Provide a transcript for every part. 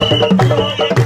Thank you.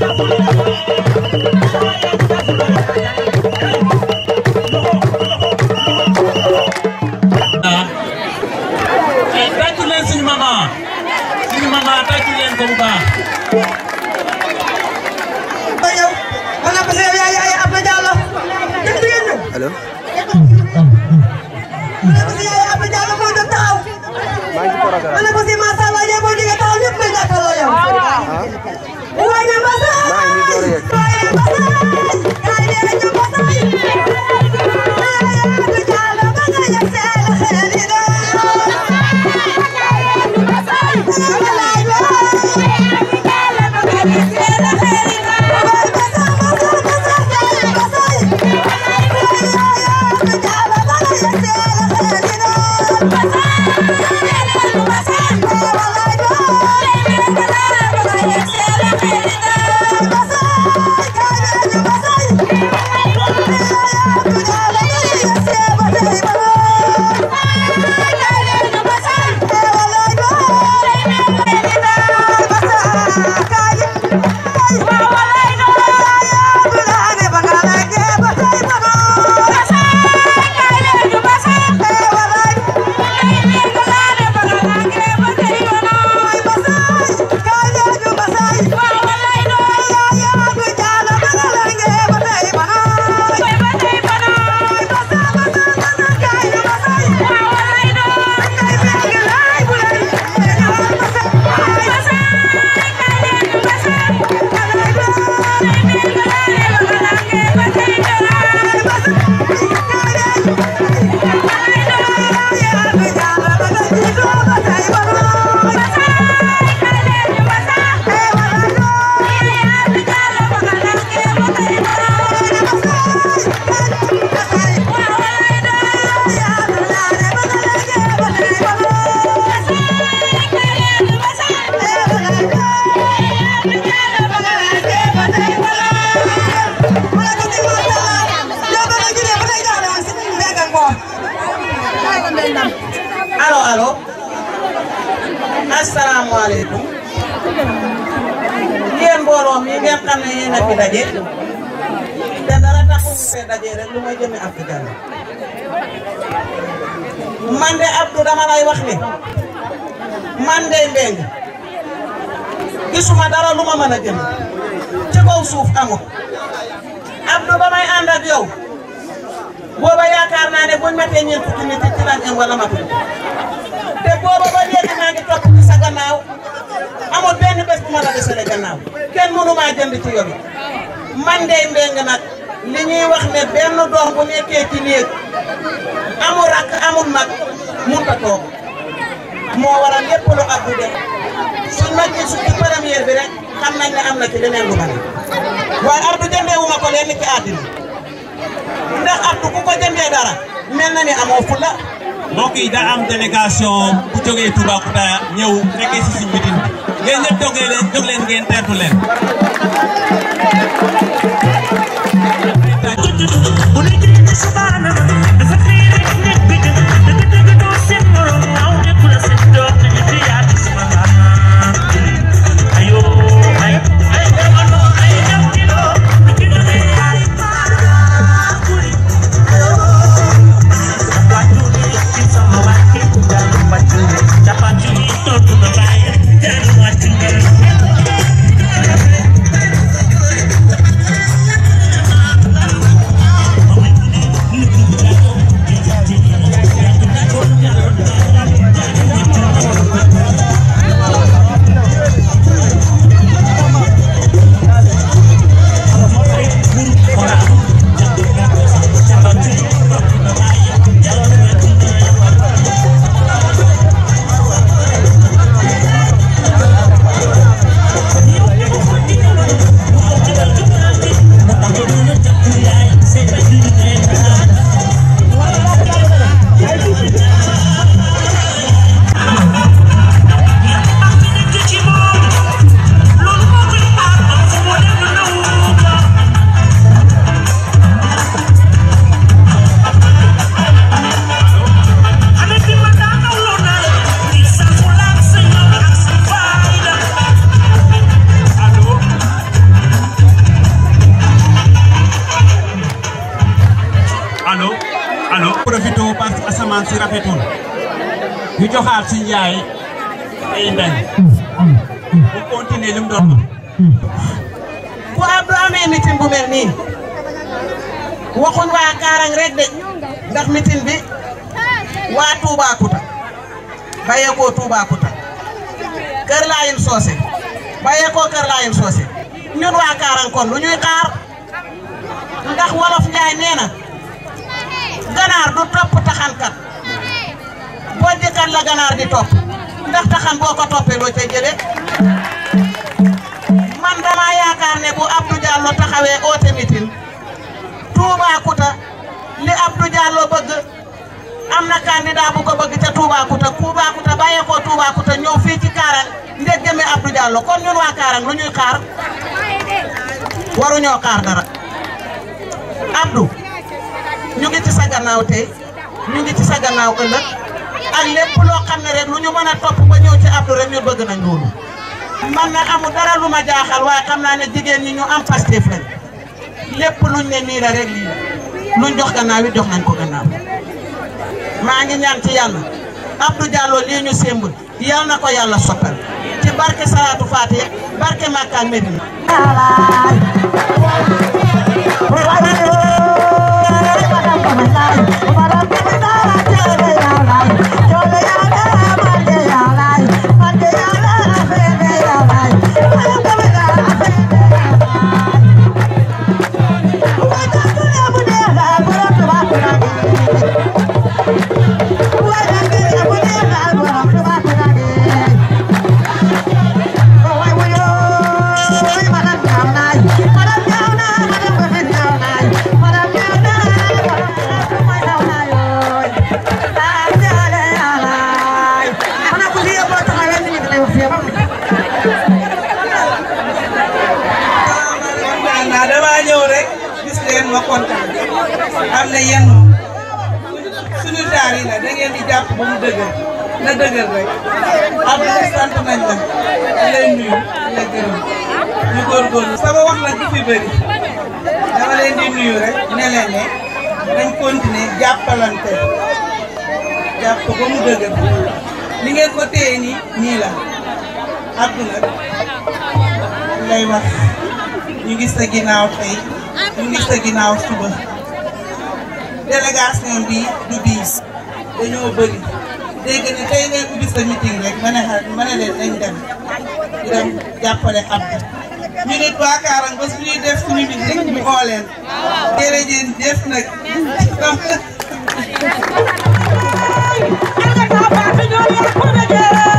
a gën ci kaw suuf amul Abdou ba may yow booba yaakaar naa ne buñ matee ñeent fukki nit ci laaj am wala te booba ba léegi maa ngi topp ci sa gannaaw amul bés bu la desale gannaaw kenn mënu maa jënd ci yow man dey mbeng nag li ñuy wax ne benn doom bu nekkee ci néeg rakk amul mag mun ta toog moo waral lépp lu Abdou def suñ ma gis ci première bi xam nañ ne am na ci leneen lu bari waaye ardu jëndeewu ma ko leen ci àddina ndax ardu ku ko jëndee dara mel na ni amoo fula. mbokk yi daa am délégation bu jógee Toubacouta ñëw fekkee si suñu mitin ngeen ñëpp jógee leen jóg leen ngeen teertu leen. joxaat si Ndiaye day mel. bu continuer li mu doon wax. bu mel nii waxuñ waa Kaarang rek de ndax meeting bi waa Toubacouta bàyyeekoo Toubacouta Kër Laayim Soose bàyyeekoo Kër Laayim Soose ñun waa Kaarang kon lu ñuy xaar ndax wolof Njaay nee ganaar du topp taxankat. ci la ganaar di topp ndax taxan boo ko toppee li Abdou Diallo bëgg am na candidat bu ko bëgg ca Toubacouta Toubacouta bàyyeekoo Toubacouta ñëw fii ci Kaarang ndéggame Abdou Diallo kon ñun waa Kaarang lu ñuy xaar waruñoo xaar dara Abdou ñu ngi ci sa tey ñu ngi ci sa ëllëg ak lépp loo xam ne rek lu ñu mën a topp ba ñëw ci Abdou rek ñun bëgg nañ loolu. man na amul dara lu ma jaaxal waaye xam naa ne jigéen ñi ñu am Pastef lañ lépp luñ ne nii la rek lii luñ jox gannaaw it jox nañ ko gannaaw maa ngi ñaan ci yàlla Abdou Diallo lii ñu sémbul yal na ko yàlla soppal ci barke Salatu Fatiha barke Makka ak Medina. li ngeen ko téye nii nii la àdduna lay wax ñu ngi sa ginnaaw tey ñu ngi sa ginnaaw suba délégation bi du biis dañoo bëri dégg ne tey ngeen ubbi sa meeting rek ma ne xa leen nañ dem jàppale Abdou ñu nit waa Kaarang ba suñuy def suñu meeting ñu oo leen jërëjëf nag Junior Comédien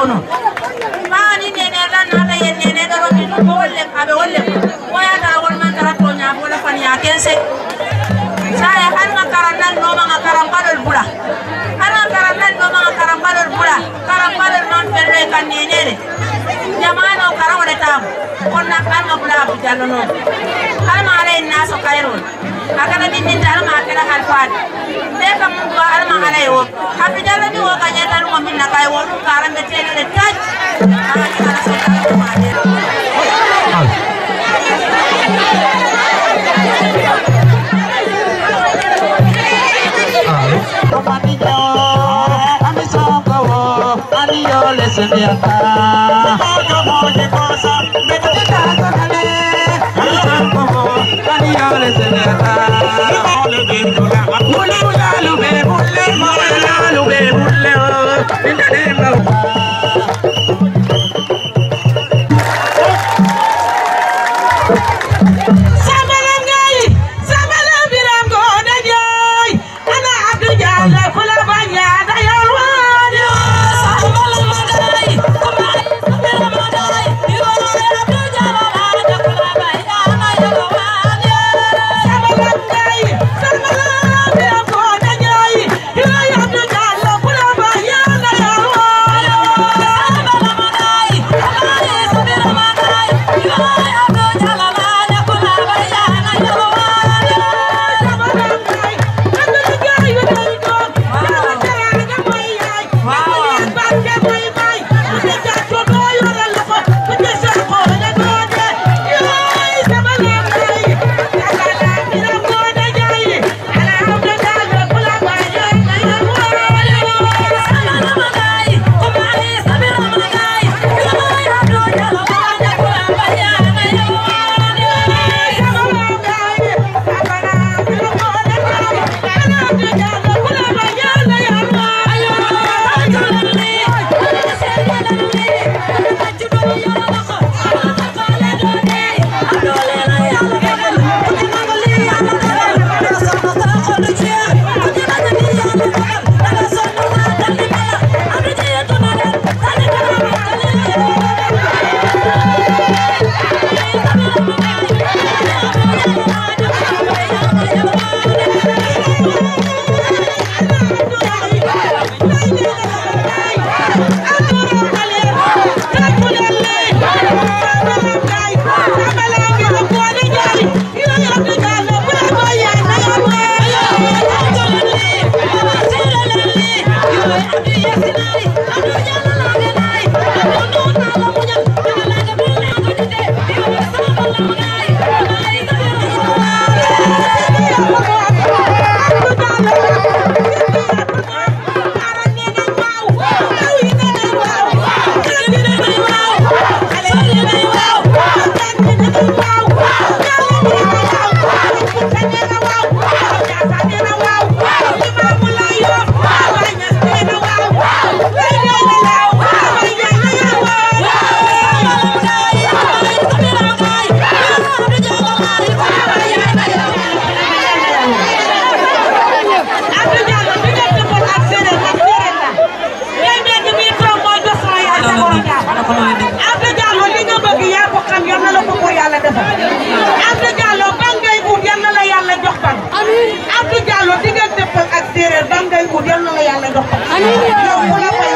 kono mani nene tan nata yen nene daroni ɗum ko wolle aɓe wolle woyatagol man tara toñaɓo la faniya kense saya harga karan nan nomaga karan kaɗol bula harga karan nan nomaga karan kaɗol bula karan kaɗol man ferre kan nenene jamano karan woɗetamo konna kalma bula bu jallo noon kalma ala en naso kayrol akana bindinde alama akela hal faade ɓe kam mum duwa alama ala e wo habi jallo ɗi wo gañetanumo minna kay wo ɗum kala mbe telele taj aani ala sotaɗumaɗen Ami sokowo, ami yo lesbian ta. Ojo moje ko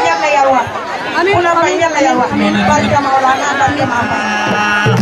Yalla ya wax. Amiin amiin Yalla ya wax. Barka Maulana barka Mama.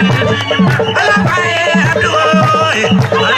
ala baye abdoy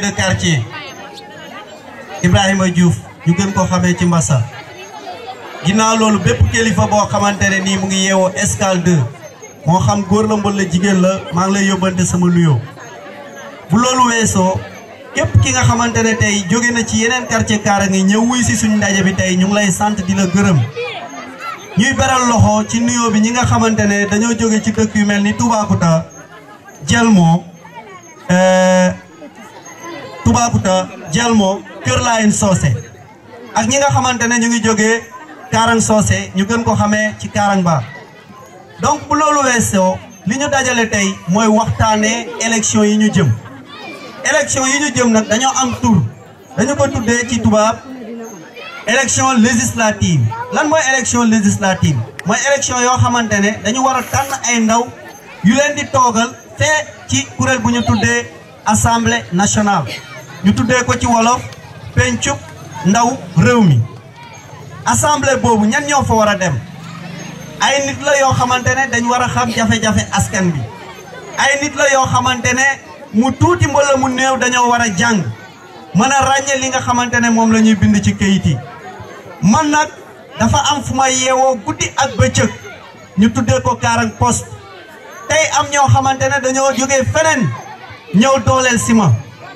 délégué de quartier Ibrahima Diouf ñu gën ko xamee ci Mbassa ginnaaw loolu bépp kilifa boo xamante ne nii mu ngi yeewoo Escale moo xam góor la mbol la jigéen la maa ngi lay yóbbante sama luyo bu loolu weesoo képp ki nga xamante ne tey jóge na ci yeneen quartier kaara ngi ñëw wuy si suñ ndaje bi tey ñu ngi lay sant dina la gërëm ñuy beral loxo ci nuyoo bi ñi nga xamante ne dañoo jóge ci dëkk yu mel ni Toubacouta Jelmo euh, Toubacouta Jelmo Kër Laayen Socé ak ñi nga xamante ne ñu ngi jógee Karang Socé ñu gën ko xamee ci Karang Ba donc bu loolu weesoo li ñu dajale tey mooy waxtaane élection yi ñu jëm élection yi ñu jëm nag dañoo am tur dañu ko tuddee ci tubaab élection législative lan mooy élection législative mooy élection yoo xamante ne dañu war a ay ndaw yu leen di toogal fee ci kuréel bu ñu tuddee assemblée nationale ñu tuddee ko ci wolof pencub ndaw réew mi assemblée boobu ñan ñoo fa war a dem ay nit la yoo xamante ne dañ war a xam jafe-jafe askan bi ay nit la yoo xamante ne mu tuuti mbala mu néew dañoo war a jàng mën a ràññee li nga xamante ne moom la ñuy bind ci kayit yi man nag dafa am fu ma yeewoo guddi ak bëccëg ñu tuddee ko Karang tey am ñoo xamante ne dañoo jógee feneen ñëw dooleel si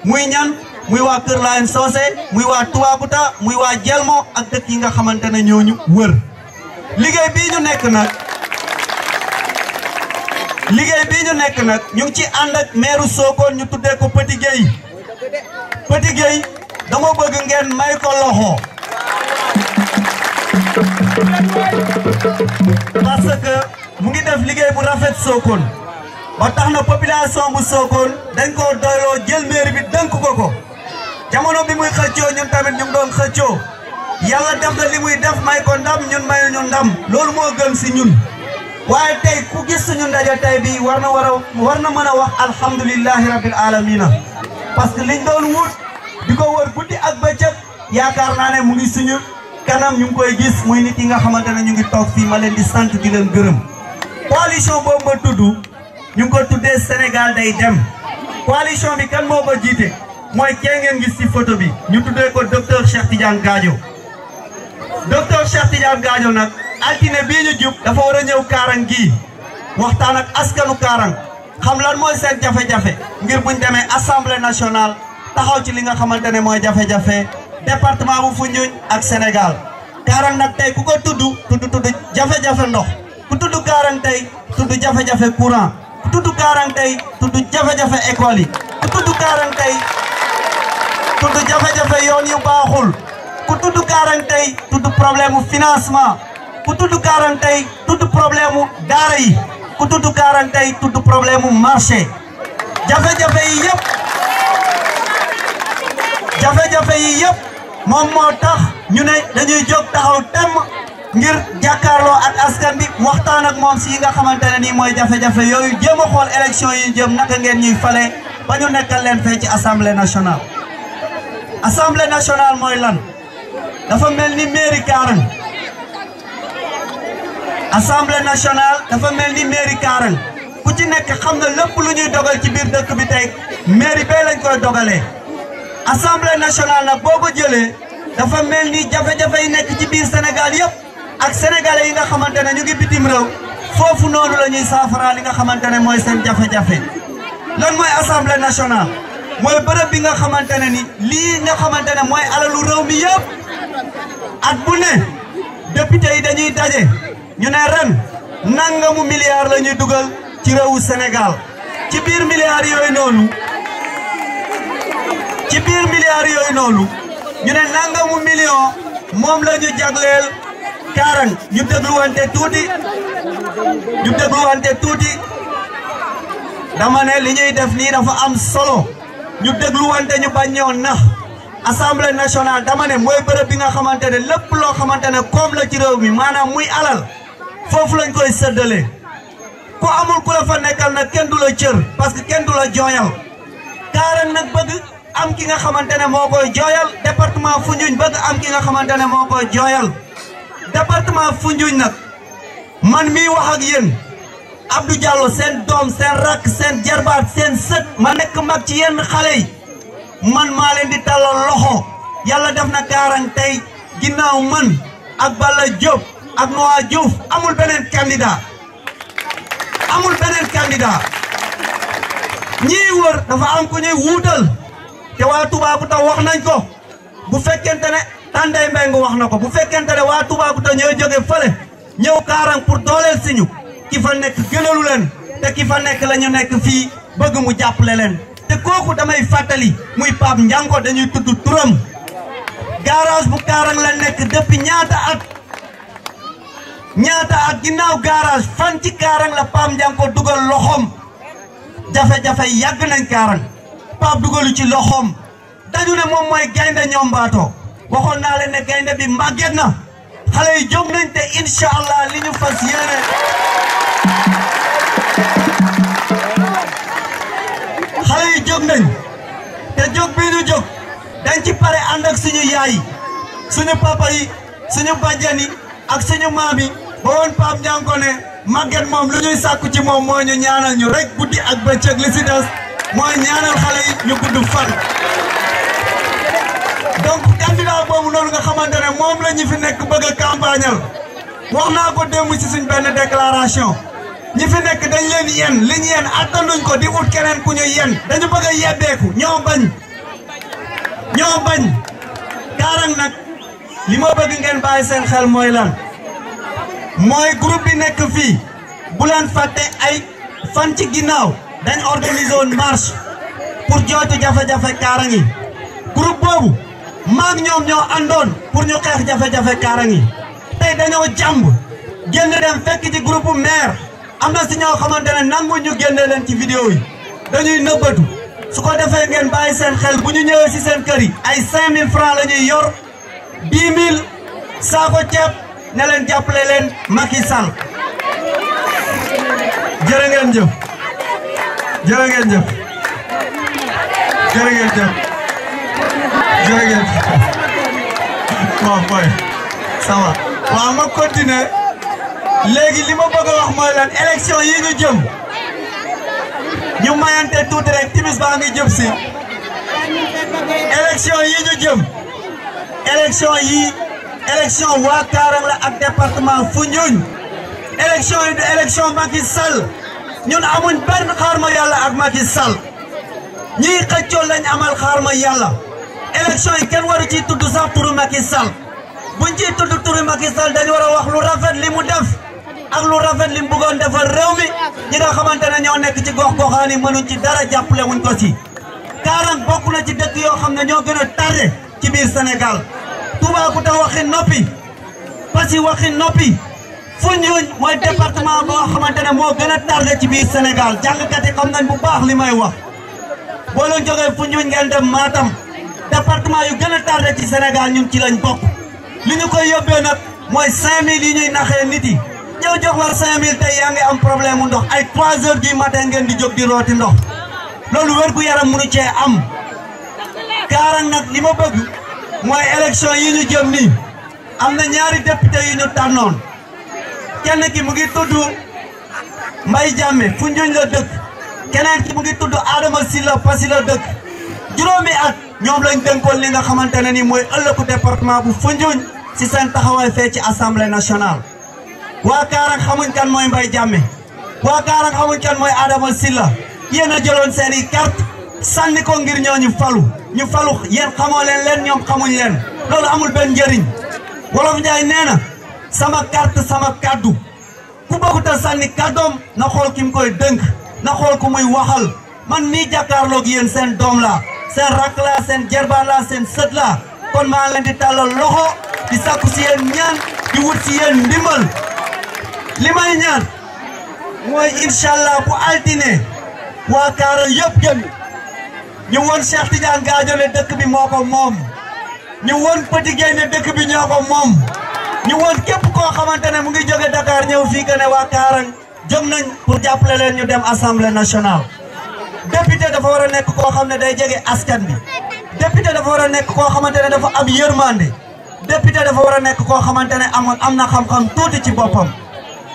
muy ñan muy waa Kër Laayeen Soose muy waa Toubacouta muy waa Jelmo ak dëkk yi nga xamante ne ñooñu wër liggéey bii ñu nekk nag liggéey bii ñu nekk nag ñu ci ànd ak maire ñu tuddee ko Petit Gueye Petit dama bëgg ngeen may ko loxo parce mu ngi def liggéey bu rafet Sokone ba tax na population bu Sokone dañ ko doyloo jël mairie bi dënk ko ko jamono bi muy xëccoo ñun tamit ñu ngi doon xëccoo yàlla def na li muy def may ko ndam ñun mayu ñu ndam loolu moo gën si ñun waaye tey ku gis suñu ndaje tey bi war na war a war na mën a wax alhamdulilahi rabil alamina parce que liñ doon wut di ko wër guddi ak bëccëg yaakaar naa ne mu ngi suñu kanam ñu koy gis muy nit yi nga xamante ne ñu ngi toog fii ma leen di sant di leen gërëm coalition boobu ma tudd ñu ngi ko tuddee Sénégal day dem coalition bi kan moo ko mooy kee ngeen gis ci photo bi ñu tuddee ko docteur Cheikh Tidiane Gadio docteur Cheikh Tidiane Gadio nag altine bii ñu jub dafa war a ñëw Kaarang gi waxtaan ak askanu Kaarang xam lan mooy seen jafe-jafe ngir buñ demee assemblée nationale taxaw ci li nga xamante ne mooy jafe-jafe département bu Foundiougne ak Sénégal Kaarang nag tey ku ko tudd tudd tudd jafe-jafe ndox ku tudd Kaarang tey tudd jafe-jafe courant ku tudd Kaarang tey tudd jafe-jafe école yi ku tudd Karantay tudd jafe-jafe yoon yu baaxul ku tudd Karantay tudd problème mu financement ku tudd Karantay tudd problème mu daara yi ku tudd Karantay tudd problème mu marché jafe-jafe yi yëpp jafe-jafe yi yëpp moom moo tax ñu ne dañuy jóg taxaw temm ngir jàkkaarloo ak askan bi waxtaan ak moom si yi nga xamante ne nii mooy jafe-jafe yooyu jéem a xool élection yi jëm naka ngeen ñuy fale ba ñu nekkal leen fee ci assemblée nationale. assemblée nationale mooy lan dafa mel ni mairie Karang assemblée nationale dafa mel ni mairie Karang ku ci nekk xam nga lépp lu ñuy dogal ci biir dëkk bi tey mairie bee lañ koy dogalee. assemblée nationale nag boo ko jëlee dafa mel ni jafe-jafe yi nekk ci biir Sénégal yëpp ak sénégalais yi nga xamante ne ñu ngi bitim foofu noonu la ñuy saafara li nga xamante ne mooy seen jafe-jafe. lan mooy assemblée nationale mooy bërëb bi nga xamante ne ni lii nga xamante ne mooy alalu réew mi at bu ne député yi dañuy daje ñu ne ren nangamu milliards la ñuy dugal ci réewu senegal ci biir milliards yooyu noonu ci biir milliards yooyu noonu ñu ne nangamu million moom la jagleel kaarang ñu dégluwante tuuti ñu dégluwante tuuti. dama ne li ñuy def nii dafa am solo ñu dégluwante ñu baññoo nax assemblée nationale dama ne mooy bërëb bi nga xamante ne lépp loo xamante ne koom la ci réew mi maanaam muy alal foofu lañ koy séddale ko amul ku la fa nekkal na kenn du la cër parce que kenn du la jooyal Kaarëng nag bëgg am ki nga xamante ne moo koy jooyal département Foundiougne bëgg am ki nga xamante ne moo koy jooyal département Foundiougne nag man mii wax ak Abdou Diallo seen doom seen rakk seen jarbaat seen sët ma nekk mag ci yenn xale yi man maa leen loxo yàlla def na kaarang tey ginnaaw mën ak Balla Diop ak Noa Diouf amul beneen candidat amul beneen candidat ñii wër dafa am ku ñuy wuutal te waa Toubacouta wax nañ ko bu fekkente ne Tandey Mbengue wax na ko bu fekkente ne waa Toubacouta ñooy jóge fële ñëw kaarang pour dooleel si ñu ki fa nekk gënalu leen te ki fa nekk lañu nekk fii bëgg mu jàppale leen te kooku damay fàttali muy Pape Ndiango dañuy tudd turam garage bu Kaarang la nekk dëpp ñaata at ñaata ak ginnaaw garage fan ci Kaarang la Pape Ndiango dugal loxoom jafe-jafe yàgg na Kaarang Pape dugalu ci loxoom daju ne moom mooy gaynde ñoom baatoo waxoon naa ne gaynde bi màgget na xale yi jóg nañ te incha allah li ñu fas yéene xale yi jóg nañ te jóg bii ñu jóg dañ ci pare ànd ak suñu yaay suñu papa yi suñu bàjjan yi ak suñu maam yi ba woon Pape Ndiankone màgget moom lu ñuy sàkku ci moom moo ñu ñaanal ñu rek guddi ak bëccëg li mooy ñaanal xale yi ñu gudd fan. donc candidat boobu noonu nga xamante ne moom la ñu fi nekk bëgg a campagnal wax naa ko démb ci suñ benn déclaration ñi fi nekk dañ leen yen li ñu ko di ut keneen ku ñu yen dañu bëgg a yebbeeku ñoo bañ ñoo bañ Karang nag li ma bëgg ngeen bàyyi seen xel mooy lan mooy groupe bi nekk fii bu leen fàtte ay fan ci ginnaaw dañ organiser woon marche pour jooytu jafe-jafe Karang yi maag ñoom ñoo àndoon pour ñu xeex jafe-jafe kaarang tey dañoo jàmb génn dem fekk ci groupe maire am na si ñoo xamante ne nangu ñu génne leen ci vidéo yi dañuy nëbbatu su ko defee ngeen ay seen xel bu ñu ñëwee si seen kër yi ay 5000 francs la ñuy yor 10 000 saako ceeb ne leen jàppale leen Macky Sall jërë ngeen jëf jërëjëf waaw mooy sama waaw ma continuer léegi li ma bëgg wax mooy lan élection yi ñu jëm ñu mayante tuuti rek timis baa ngi si élection yi ñu jëm élection yi élection waa Karang la ak département Foundiougne élection yi du élection Macky Sall ñun amuñ benn xaar ma yàlla ak Macky Sall ñiy xëccoo lañ amal xaar ma yàlla élection yi kenn waru ci tudd sax turu Macky Sall buñ ciy tudd turu Macky Sall dañu a wax rafet li mu def ak lu rafet li mu bëggoon defal réew mi ñi nga xamante ne ñoo nekk ci gox goxaan mënuñ ci dara jàppale wuñ ko si. Karang bokk xam ne ñoo gën a tardé ci biir Sénégal Toubacouta waxi noppi Passy waxi noppi Foundiougne mooy département boo moo gën a tardé ci biir Sénégal jàngkat yi xam nañ bu baax li may wax boo leen jógee Foundiougne ngeen dem Matam. département yu gën a ci Sénégal ñun ci lañ bokk li ñu koy yóbbee nag mooy 5000 yi ñuy naxee nit ñëw jox la 5000 tey yaa am problème mu ndox ay 3 heures du matin ngeen di jóg di rooti ndox loolu wërgu yaram mënu cee am. Kaarang nag li ma mooy élection yi ñu jëm nii am na ñaari député yu ñu tànnoon kenn ki mu ngi tudd Mbaye Jammeh fu njuñ la dëkk keneen ki mu ngi tudd Adama Sylla Passy la dëkk juróomi at. ñoom lañ dénkoon li nga xamante ne ni mooy ëllëgu département bu Foundiougne si seen taxawaay fee ci assemblée nationale. waa Kaarang xamuñ kan mooy Mbaye Diame waa Kaarang xamuñ kan mooy Adama Silla yéen a jëloon seen i carte sànni ko ngir ñooñu falu ñu falu yéen xamoo leen leen ñoom xamuñ leen loolu amul benn njëriñ wolof Njaay nee sama carte sama kaddu ku bokkuta sànni kaddoom na xool ki mu koy dënk na xool waxal man mii jàkkaarloog yéen seen doom laa. seen rakk laa seen jerbaat laa seen sët laa kon maa leen di tàllal loxo di sàkku si yéen ñaan di wut si yéen ndimbal li may ñaan mooy incha allah bu altine waa Kaaral yëpp génn ñu won Cheikh Tidiane Gadio ne dëkk bi moo ko moom ñu won Petit ne dëkk bi ñoo ko moom ñu won képp koo xamante ne mu ngi jóge Dakar ñëw fii que ne waa Kaaral jóg nañ pour jàppale leen ñu dem assemblée nationale. député dafa war a nekk koo xam ne day jege askan bi député dafa war a nekk koo xamante ne dafa am yërmande député dafa war a nekk koo xamante ne amoon am na xam-xam tuuti ci boppam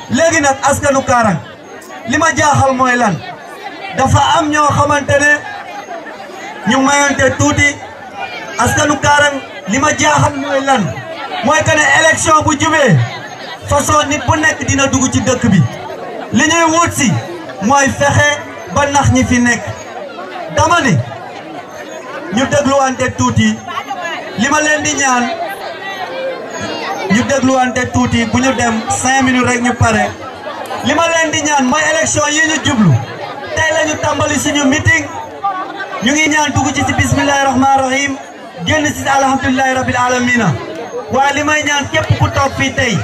léegi nag askanu Karang li ma jaaxal mooy lan dafa am ñoo xamante ne ñu mayante tuuti askanu Karang li ma jaaxal mooy lan mooy que ne élection bu jubee façon nit bu nekk dina dugg ci dëkk bi li ñuy wut mooy fexe ba nax ñi fi nekk dama ni ñu dégluwante tuuti li ma leen di ñaan ñu dégluwante tuuti bu ñu dem cinq minutes rek ñu pare li ma leen di ñaan mooy élection yi ñu jublu tey la ñu tàmbali suñu meeting ñu ngi ñaan dugg ci si bismillahi rahmaani rahim génn si si alhamdulillahi rabbil alamina waaye li may ñaan képp ku toog tey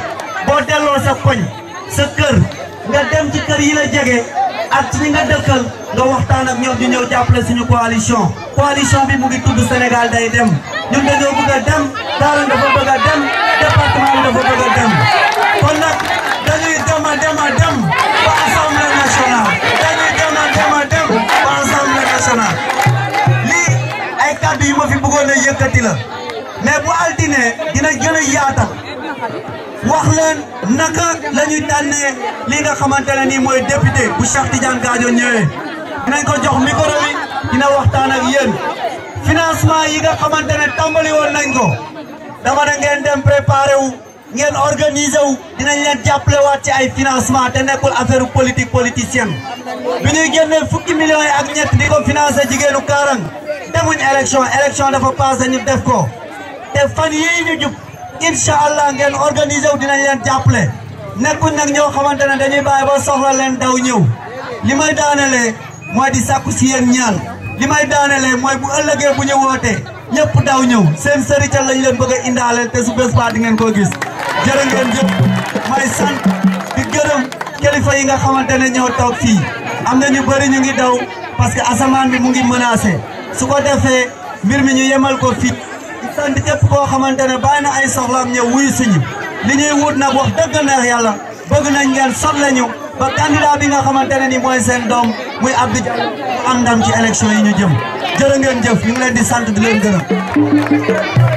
boo delloo sa koñ sa kër nga dem ci kër yi la jege ak ñi nga dëkkal nga waxtaan ak ñoom ñu ñëw si suñu coalition coalition bi mu ngi tudd Sénégal day dem ñun dañoo bëgg a dem Karang dafa bëgg a dem département bi dafa bëgg a dem kon dañuy dem a dem a dem ba assemblée nationale dañuy dem a dem a dem ba assemblée nationale lii ay kàddu yu ma fi bëggoon a yëkkati la mais bu altine gën a yaatal wax leen naka la li nga xamante ne nii mooy député bu Cheikh Tidiane Gadio ñëwee. dinañ ko jox micro bi dina waxtaan ak financement yi nga xamante ne tàmbali woon nañ ko dama ne ngeen dem préparé wu ngeen organisé wu dinañ leen jàppalewaat ci ay financement te nekkul affaire politique politicienne bi ñuy génnee fukki millions yi ak ñett di ko financé jigéenu Kaarang demuñ élection élection dafa passé ñu def ko te fan yii ñu jub. incha allah ngeen organiser wu dinañ leen jàppale nekkul nag ñoo xamante ne dañuy bàyyi ba soxla leen daw ñëw li may daanelee mooy di sàkku si yéen ñaan li may daanelee mooy bu ëllëgee bu ñu wootee ñëpp daw ñëw seen sërital lañ leen bëgg a indaaleel te su bés ba di ngeen ko gis jërë ngeen jëf may sant di gërëm kilifa yi nga xamante ne ñoo toog fii am na ñu bëri ñu ngi daw parce que asamaan bi mu ngi menacé su ko defee mbir mi ñu yemal ko fii andi képp koo xamante ne na ay soxlaam ñëw wuyu suñu li ñuy wut nag wax dëgg neex yàlla bëgg nañ ngeen sotle ñu ba candidat bi nga xamante ni mooy seen doom muy Abdou Diallo am ndam ci élection yi ñu jëm jërë ngeen jëf ñu leen di sant di leen gërëm.